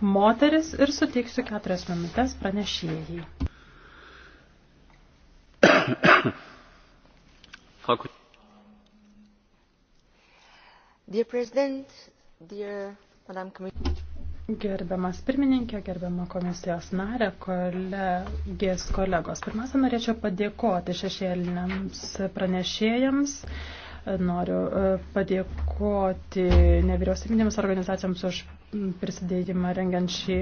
moteris ir suteiksiu keturias minutės pranešėjai. Dear President, dear Madam Commissioner. Gerbiamas pirmininkė, gerbiama komisijos narė, kolegės kolegos. Pirmiausia, norėčiau padėkoti šešėliniams pranešėjams. Noriu e, padėkoti nevyriausybinėms organizacijoms už prisidėjimą rengiant šį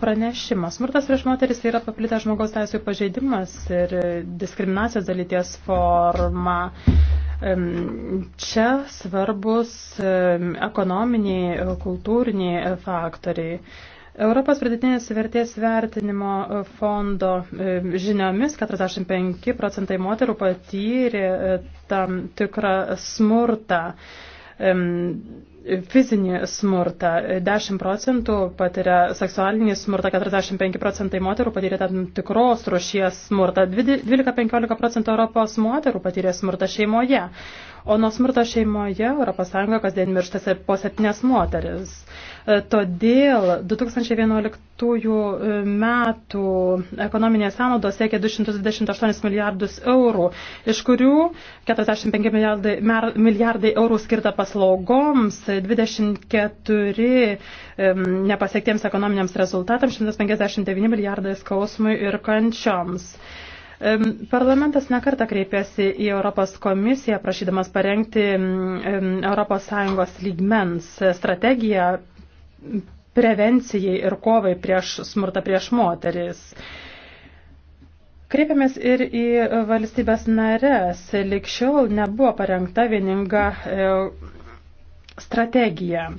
pranešimą. Smurtas prieš moteris yra paplitęs žmogaus teisų pažeidimas ir diskriminacijos dalyties forma. Čia svarbus ekonominiai, kultūriniai faktoriai. Europos pridėtinės vertės vertinimo fondo žiniomis 45 procentai moterų patyrė tam tikrą smurtą fizinį smurtą. 10 procentų patiria seksualinį smurtą, 45 procentai moterų patyrė tam tikros rušies smurtą, 12-15 procentų Europos moterų patyrė smurtą šeimoje. O nuo smurto šeimoje ES kasdien miršta po septynes moteris. E, todėl 2011 e, metų ekonominės sąnaudos siekia 228 milijardus eurų, iš kurių 45 milijardai, milijardai eurų skirta paslaugoms, 24 nepasiektiems ekonominiams rezultatams, 159 milijardai skausmui ir kančioms. Parlamentas nekarta kreipėsi į Europos komisiją, prašydamas parengti ES lygmens strategiją prevencijai ir kovai prieš smurtą prieš moteris. Kreipiamės ir į valstybės narės. Likščiau nebuvo parengta vieninga e, strategiją.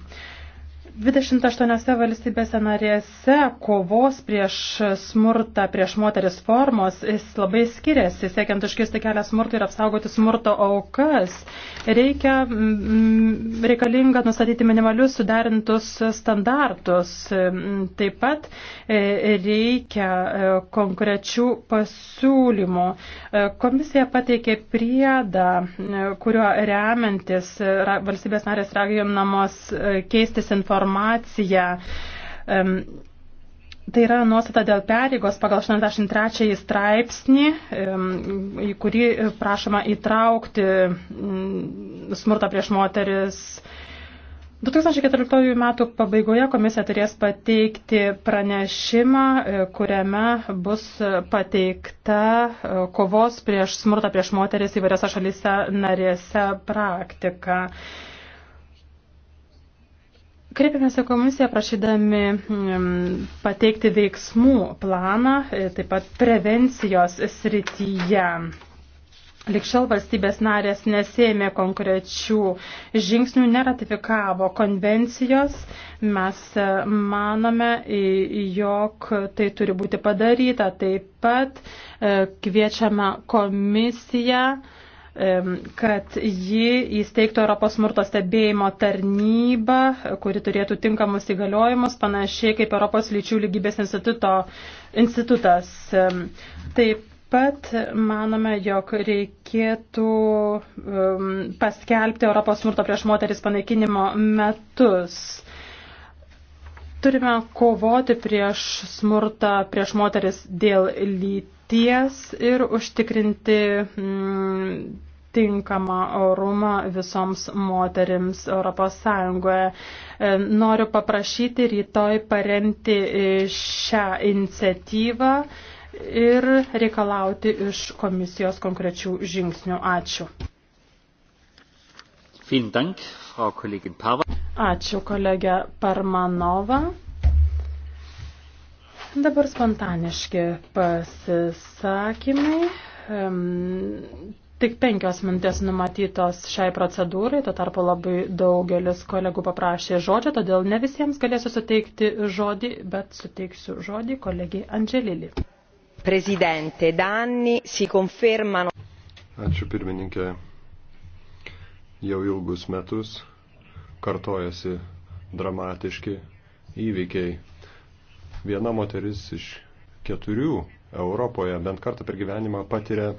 28 valstybėse narėse kovos prieš smurtą prieš moteris formos jis labai skiriasi, siekiant užkirsti kelią smurtą ir apsaugoti smurto aukas. Reikia, mm, reikalinga nustatyti minimalius suderintus standartus. Taip pat e, reikia e, konkrečių pasiūlymų. E, komisija pateikė priedą, kuriuo remiantis valstybės narės raginamos keistis informaciją informaciją. Tai yra nuostata dėl pareigos pagal 83 straipsnį, į kurį prašoma įtraukti mm, smurtą prieš moteris. 2014 metų pabaigoje komisija turės pateikti pranešimą, e, kuriame bus pateikta e, kovos prieš smurtą prieš moteris įvairiose šalyse narėse praktika. Kreipiamės į komisiją prašydami mm, pateikti veiksmų planą, e, taip pat prevencijos srityje. Likščiau valstybės narės nesėmė konkrečių žingsnių, neratifikavo konvencijos. Mes e, manome, jog tai turi būti padaryta. Taip pat e, kviečiame komisiją kad ji įsteigtų Europos smurto stebėjimo tarnybą, kuri turėtų tinkamus įgaliojimus, panašiai kaip Europos lyčių lygybės instituto, institutas. Taip pat manome, jog reikėtų um, paskelbti Europos smurto prieš moteris panaikinimo metus. Turime kovoti prieš smurtą prieš moteris dėl lyties ir užtikrinti mm, tinkamą orumą visoms moterims Europos Sąjungoje. E, noriu paprašyti rytoj paremti e, šią iniciatyvą ir reikalauti iš komisijos konkrečių žingsnių. Ačiū. Ačiū kolegė Parmanova. Dabar spontaniški pasisakymai. Tik penkios mintės numatytos šiai procedūrai, to tarpu labai daugelis kolegų paprašė žodžio, todėl ne visiems galėsiu suteikti žodį, bet suteiksiu žodį kolegiai Angelili. Prezidente, danni si confermano. Ačiū pirmininkė. Jau ilgus metus kartojasi dramatiški įvykiai. Viena moteris iš keturių Europoje bent kartą per gyvenimą patiria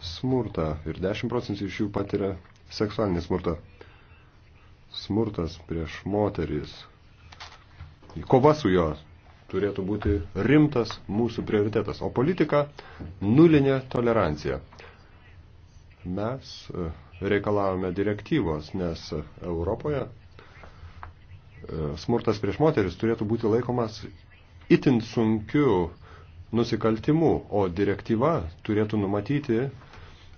smurtą ir 10 procentų iš jų patiria seksualinį smurtą. Smurtas prieš moteris. Kova su jo turėtų būti rimtas mūsų prioritetas, o politika nulinė tolerancija. Mes e, reikalavome direktyvos, nes Europoje e, smurtas prieš moteris turėtų būti laikomas itin sunkiu nusikaltimu, o direktyva turėtų numatyti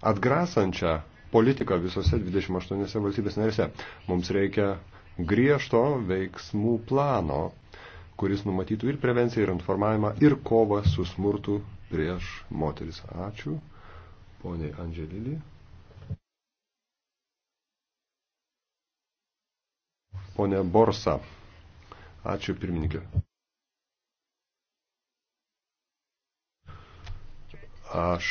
atgrasančią politiką visose 28 valstybės narėse. Mums reikia griežto veiksmų plano, kuris numatytų ir prevenciją, ir informavimą, ir kovą su smurtu prieš moteris. Ačiū, poniai Andželilį. Pone Borsa. Ačiū pirmininkė. Aš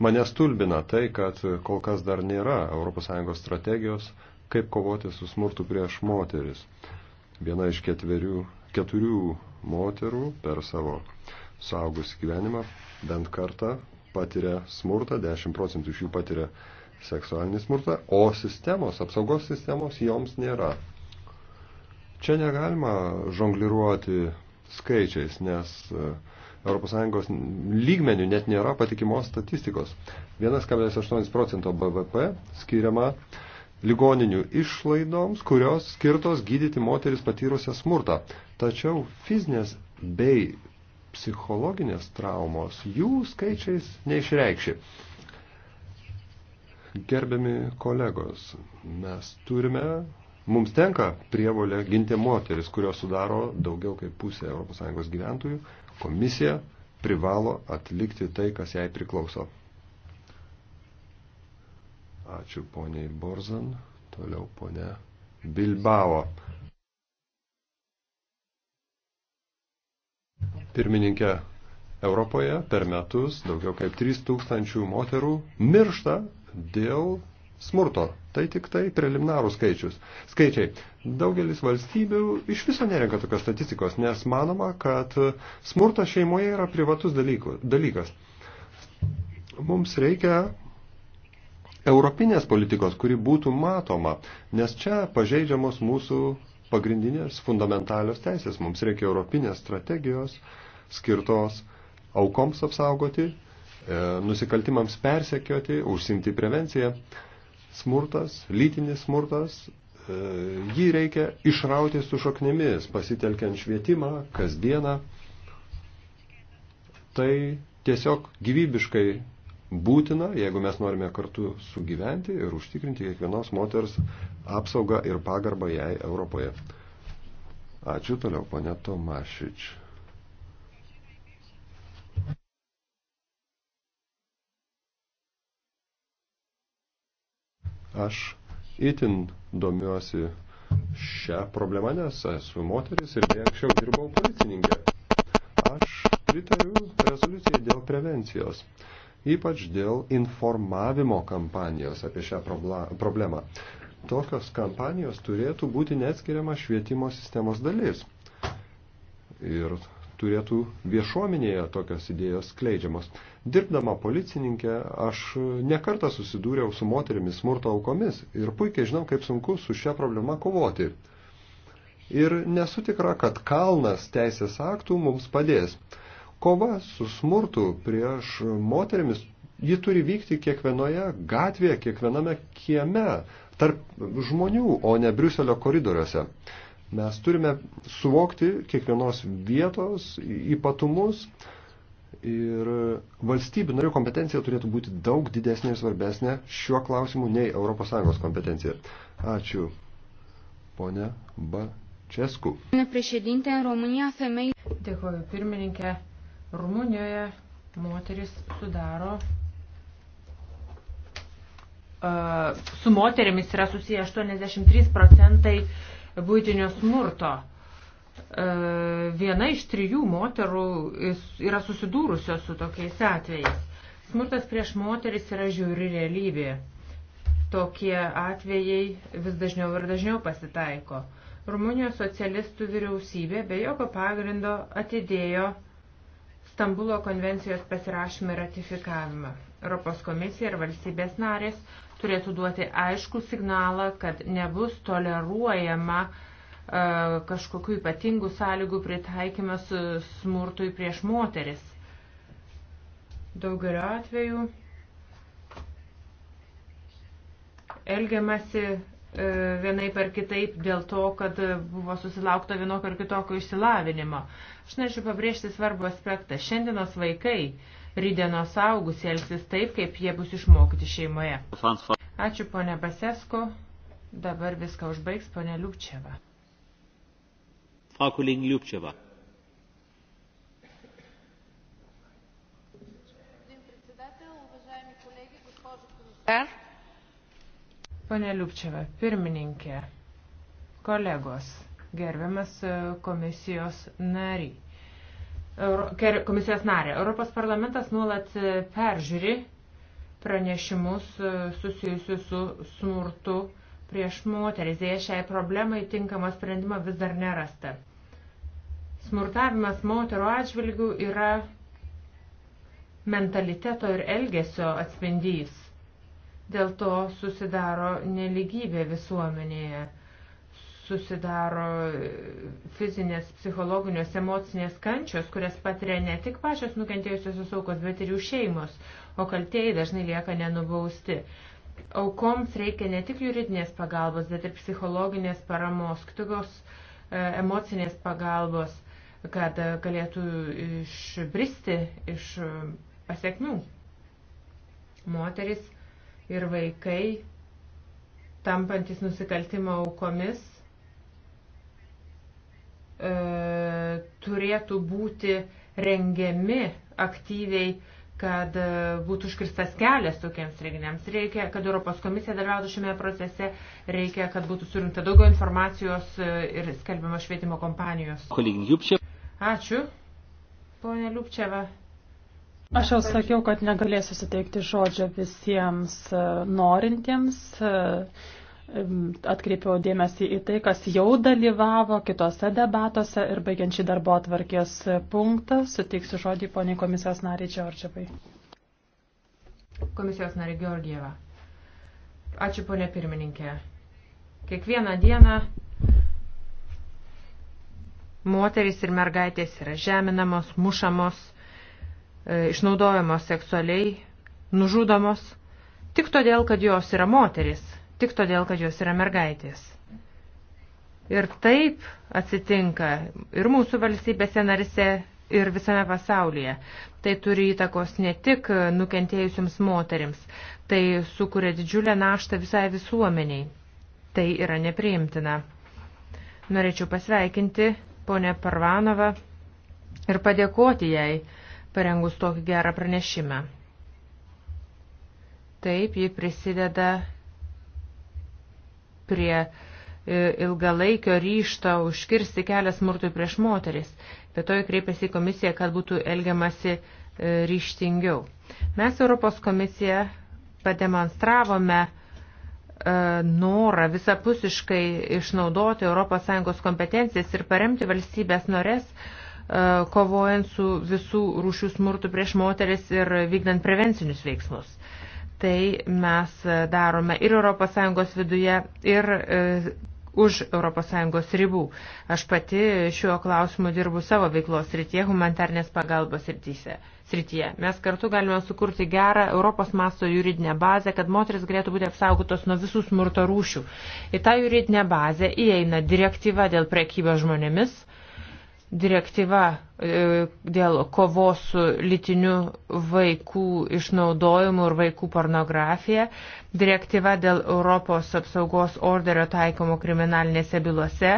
Mane stulbina tai, kad kol kas dar nėra ES strategijos, kaip kovoti su smurtu prieš moteris. Viena iš ketverių, keturių moterų per savo saugus gyvenimą bent kartą patiria smurtą, 10 procentų iš jų patiria seksualinį smurtą, o sistemos, apsaugos sistemos joms nėra. Čia negalima žongliruoti skaičiais, nes uh, ES lygmenių net nėra patikimos statistikos. 1,8 procento BVP skiriama ligoninių išlaidoms, kurios skirtos gydyti moteris patyrusią smurtą. Tačiau fizinės bei psichologinės traumos jų skaičiais neišreikši. Gerbiami kolegos, mes turime, mums tenka prievolė ginti moteris, kurios sudaro daugiau kaip pusę ES gyventojų, Komisija privalo atlikti tai, kas jai priklauso. Ačiū poniai Borzan, toliau ponia Bilbao. Pirmininkė Europoje per metus daugiau kaip 3000 moterų miršta dėl smurto. Tai tik tai preliminarų skaičius. skaičiai. Daugelis valstybių iš viso nerenka tokios statistikos, nes manoma, kad smurtas šeimoje yra privatus dalykas. Mums reikia europinės politikos, kuri būtų matoma, nes čia pažeidžiamos mūsų pagrindinės fundamentalios teisės. Mums reikia europinės strategijos skirtos aukoms apsaugoti, e, nusikaltimams persekioti, užsimti prevenciją smurtas, lytinis smurtas, e, jį reikia išrauti su šaknimis, pasitelkiant švietimą, kasdieną. Tai tiesiog gyvybiškai būtina, jeigu mes norime kartu sugyventi ir užtikrinti kiekvienos moters apsaugą ir pagarbą jai Europoje. Ačiū toliau, ponė Tomašič. Aš itin domiuosi šią problemą, nes esu moteris ir beje anksčiau dirbau policininkė. Aš pritariu rezoliucijai dėl prevencijos, ypač dėl informavimo kampanijos apie šią problemą. Tokios kampanijos turėtų būti neatskiriama švietimo sistemos dalis. Ir turėtų viešuomenėje tokios idėjos skleidžiamos. Dirbdama policininkė, aš nekartą susidūriau su moterimis smurto aukomis ir puikiai žinau, kaip sunku su šia problema kovoti. Ir nesu tikra, kad kalnas teisės aktų mums padės. Kova su smurtu prieš moterimis, ji turi vykti kiekvienoje gatvėje, kiekviename kieme, tarp žmonių, o ne Briuselio koridoriuose. Mes turime suvokti kiekvienos vietos ypatumus ir valstybių narių kompetencija turėtų būti daug didesnė ir svarbesnė šiuo klausimu nei ES kompetencija. Ačiū, ponia Bačesku. Dėkoju, pirmininkė. Rumunijoje moteris sudaro su moterimis yra susiję 83 procentai būtinio smurto. E, viena iš trijų moterų yra susidūrusios su tokiais atvejais. Smurtas prieš moteris yra žiauri realybė. Tokie atvejai vis dažniau ir dažniau pasitaiko. Rumunijos socialistų vyriausybė be jokio pagrindo atidėjo Stambulo konvencijos pasirašymą ir ratifikavimą. Europos komisija ir valstybės narės turėtų duoti aišku signalą, kad nebus toleruojama e, kažkokiu ypatingų sąlygų pritaikymas smurtui prieš moteris. Daugeliu atveju elgiamasi e, vienaip ar kitaip dėl to, kad buvo susilaukta vienokio ar kitokio išsilavinimo. Aš norėčiau pabrėžti svarbų aspektą. Šiandienos vaikai rydienos augus elgsis taip, kaip jie bus išmokyti šeimoje. Ačiū ponė Basesko. Dabar viską užbaigs ponė Liupčeva. Frau Kollegin Liupčeva. Pane Liupčiava, pirmininkė, kolegos, gerbiamas e, komisijos nariai komisijos narė. Europos parlamentas nuolat e, peržiūri pranešimus e, susijusius su smurtu prieš moteris. Jei šiai problemai tinkamo sprendimo vis dar nerasta. Smurtavimas moterų atžvilgių yra mentaliteto ir elgesio atspindys. Dėl to susidaro neligybė visuomenėje susidaro e, fizinės, psichologinės, emocinės kančios, kurias patiria ne tik pačios nukentėjusios aukos, bet ir jų šeimos, o kaltieji dažnai lieka nenubausti. Aukoms reikia ne tik juridinės pagalbos, bet ir psichologinės paramos, kitokios e, emocinės pagalbos, kad e, galėtų išbristi iš e, pasiekmių. Moteris ir vaikai tampantis nusikaltimo aukomis E, turėtų būti rengiami aktyviai, kad e, būtų užkirstas kelias tokiems renginiams. Reikia, kad Europos komisija dalyvautų šiame procese, reikia, kad būtų surinkta daugiau informacijos e, ir skelbiama švietimo kompanijos. Ačiū, ponė Liupčeva. Aš jau sakiau, kad negalėsiu suteikti žodžio visiems norintiems atkreipiau dėmesį į tai, kas jau dalyvavo kitose debatuose ir baigiant šį darbo atvarkės punktą, suteiksiu žodį poniai komisijos nariai Čiorčiavai. Komisijos nariai Georgieva. Ačiū ponė pirmininkė. Kiekvieną dieną moterys ir mergaitės yra žeminamos, mušamos, e, išnaudojamos seksualiai, nužudomos, tik todėl, kad jos yra moteris – tik todėl, kad jos yra mergaitės. Ir taip atsitinka ir mūsų valstybėse narise, ir visame pasaulyje. Tai turi įtakos ne tik nukentėjusiams moterims, tai sukuria didžiulę naštą visai visuomeniai. Tai yra nepriimtina. Norėčiau pasveikinti ponę Parvanovą ir padėkoti jai, parengus tokį gerą pranešimą. Taip, ji prisideda prie e, ilgalaikio ryšto užkirsti kelią smurtui prieš moteris. Be to kreipėsi į komisiją, kad būtų elgiamasi e, ryštingiau. Mes Europos komisiją pademonstravome e, norą visapusiškai išnaudoti ES kompetencijas ir paremti valstybės norės, kovojant su visų rūšių smurtų prieš moteris ir vykdant prevencinius veiksmus tai mes darome ir ES viduje, ir e, už ES ribų. Aš pati šiuo klausimu dirbu savo veiklos srityje, humanitarnės pagalbos srityse. srityje. Mes kartu galime sukurti gerą Europos masto juridinę bazę, kad moteris galėtų būti apsaugotos nuo visų smurto rūšių. Į tą juridinę bazę įeina direktyva dėl prekybos žmonėmis, direktyva e, dėl kovos su litiniu vaikų išnaudojimu ir vaikų pornografija, direktyva dėl Europos apsaugos orderio taikomo kriminalinėse bylose,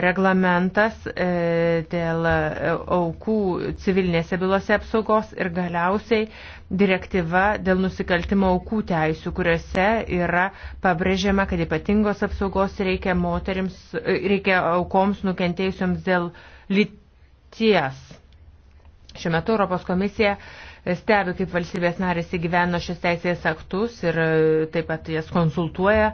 reglamentas e, dėl e, aukų civilinėse bylose apsaugos ir galiausiai direktyva dėl nusikaltimo aukų teisų, kuriuose yra pabrėžiama, kad ypatingos apsaugos reikia, moterims, e, reikia aukoms nukentėjusioms dėl lyties. Šiuo metu Europos komisija uh, stebi, kaip valstybės narės įgyveno šios teisės aktus ir e, taip pat jas konsultuoja,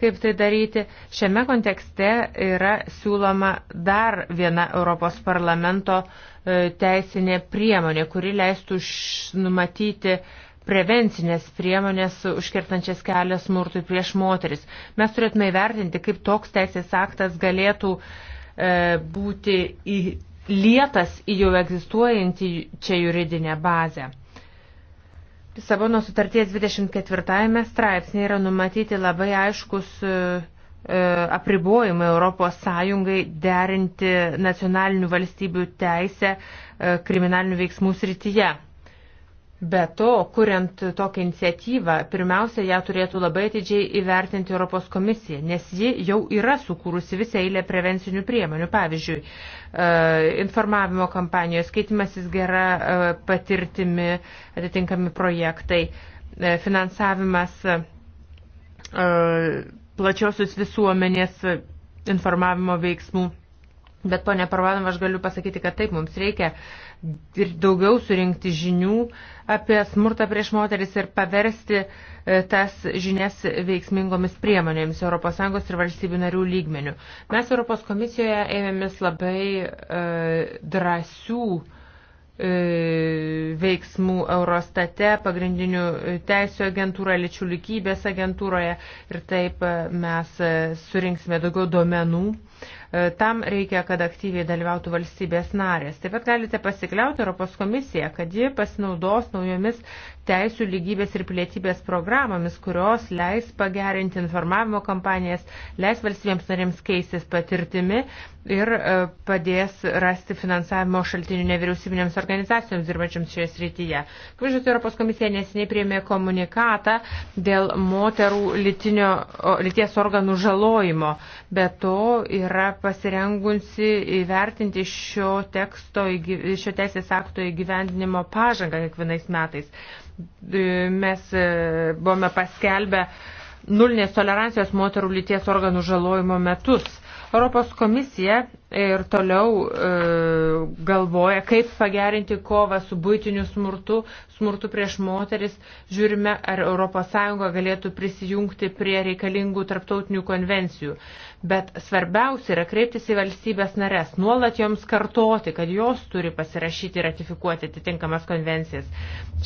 kaip tai daryti. Šiame kontekste yra siūloma dar viena Europos parlamento e, teisinė priemonė, kuri leistų numatyti prevencinės priemonės užkirtančias kelią smurtui prieš moteris. Mes turėtume įvertinti, kaip toks teisės aktas galėtų e, būti į lietas į jau egzistuojantį čia juridinę bazę. Lisabono sutarties 24 straipsnėje yra numatyti labai aiškus e, e, apribojimai Europos Sąjungai derinti nacionalinių valstybių teisę e, kriminalinių veiksmų srityje. Be to, kuriant tokią iniciatyvą, pirmiausia, ją turėtų labai atidžiai įvertinti Europos komisija, nes ji jau yra sukūrusi visą eilę prevencinių priemonių. Pavyzdžiui, e, informavimo kampanijos, skaitimasis gera e, patirtimi, atitinkami projektai, e, finansavimas plačiosios visuomenės informavimo veiksmų Bet, ponė Parvanov, aš galiu pasakyti, kad taip, mums reikia ir daugiau surinkti žinių apie smurtą prieš moteris ir paversti e, tas žinias veiksmingomis priemonėmis ES ir valstybių narių lygmenių. Mes Europos komisijoje ėmėmės labai e, drąsių e, veiksmų Eurostate, pagrindinių teisų agentūroje, lyčių lygybės agentūroje ir taip e, mes e, surinksime daugiau duomenų E, tam reikia, kad aktyviai dalyvautų valstybės narės. Taip pat galite pasikliauti Europos komisiją, kad ji pasinaudos naujomis teisų lygybės ir pilietybės programomis, kurios leis pagerinti informavimo kampanijas, leis valstybėms narėms keistis patirtimi ir e, padės rasti finansavimo šaltinių nevyriausybinėms organizacijoms dirbančiams šioje srityje. Kaip žinote, Europos komisija nesiniai priėmė komunikatą dėl moterų litinio, lyties organų žalojimo. Be to yra pasirengusi įvertinti šio, teksto, šio teisės akto įgyvendinimo pažangą kiekvienais metais. E, mes e, buvome paskelbę nulinės tolerancijos moterų lyties organų žalojimo metus. Europos komisija ir toliau e, galvoja, kaip pagerinti kovą su būtiniu smurtu, smurtu prieš moteris. Žiūrime, ar ES galėtų prisijungti prie reikalingų tarptautinių konvencijų. Bet svarbiausia yra kreiptis į valstybės narės, nuolat joms kartoti, kad jos turi pasirašyti ir ratifikuoti atitinkamas konvencijas.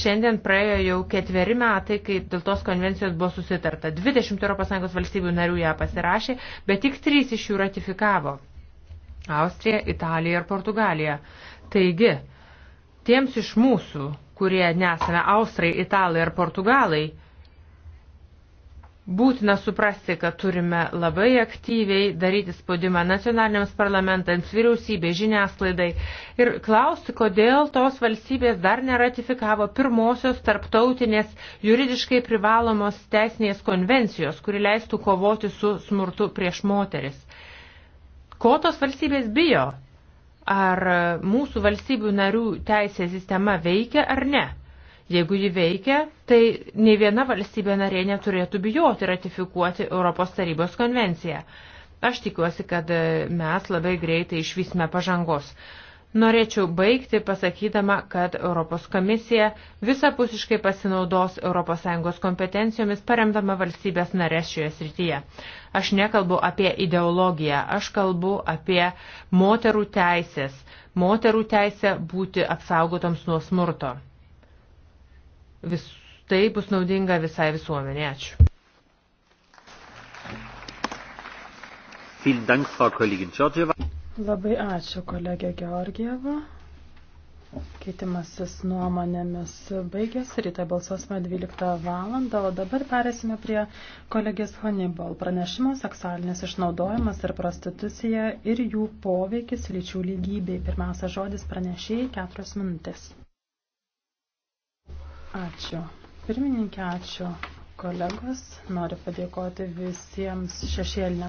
Šiandien praėjo jau ketveri metai, kai dėl tos konvencijos buvo susitarta. 20 ES valstybių narių ją pasirašė, bet tik 3 iš jų ratifikavo. Austrija, Italija ir Portugalija. Taigi, tiems iš mūsų, kurie nesame Austrai, Italai ir Portugalai, būtina suprasti, kad turime labai aktyviai daryti spaudimą nacionaliniams parlamentams, vyriausybė, žiniasklaidai ir klausti, kodėl tos valstybės dar neratifikavo pirmosios tarptautinės juridiškai privalomos teisinės konvencijos, kuri leistų kovoti su smurtu prieš moteris. Ko tos valstybės bijo? Ar mūsų valstybių narių teisė sistema veikia ar ne? Jeigu ji veikia, tai ne viena valstybė narė neturėtų bijoti ratifikuoti Europos tarybos konvenciją. Aš tikiuosi, kad mes labai greitai išvysime pažangos. Norėčiau baigti pasakydama, kad Europos komisija visapusiškai pasinaudos ES kompetencijomis paremdama valstybės narės šioje srityje. Aš nekalbu apie ideologiją, aš kalbu apie moterų teisės, moterų teisę būti apsaugotoms nuo smurto. Vis, tai bus naudinga visai visuomenė. Ačiū. Vielen Dank, Frau Kollegin Georgieva. Labai ačiū kolegė Georgieva. Keitimasis nuomonėmis baigėsi, ryte balsuosime 12 valandą, o dabar perėsime prie kolegės Honibal. Pranešimo seksualinis išnaudojimas ir prostitucija ir jų poveikis lyčių lygybei. Pirmiausia žodis pranešėjai keturios minutės. Ačiū. Pirmininkė, ačiū kolegos. Noriu padėkoti visiems šešėlinė.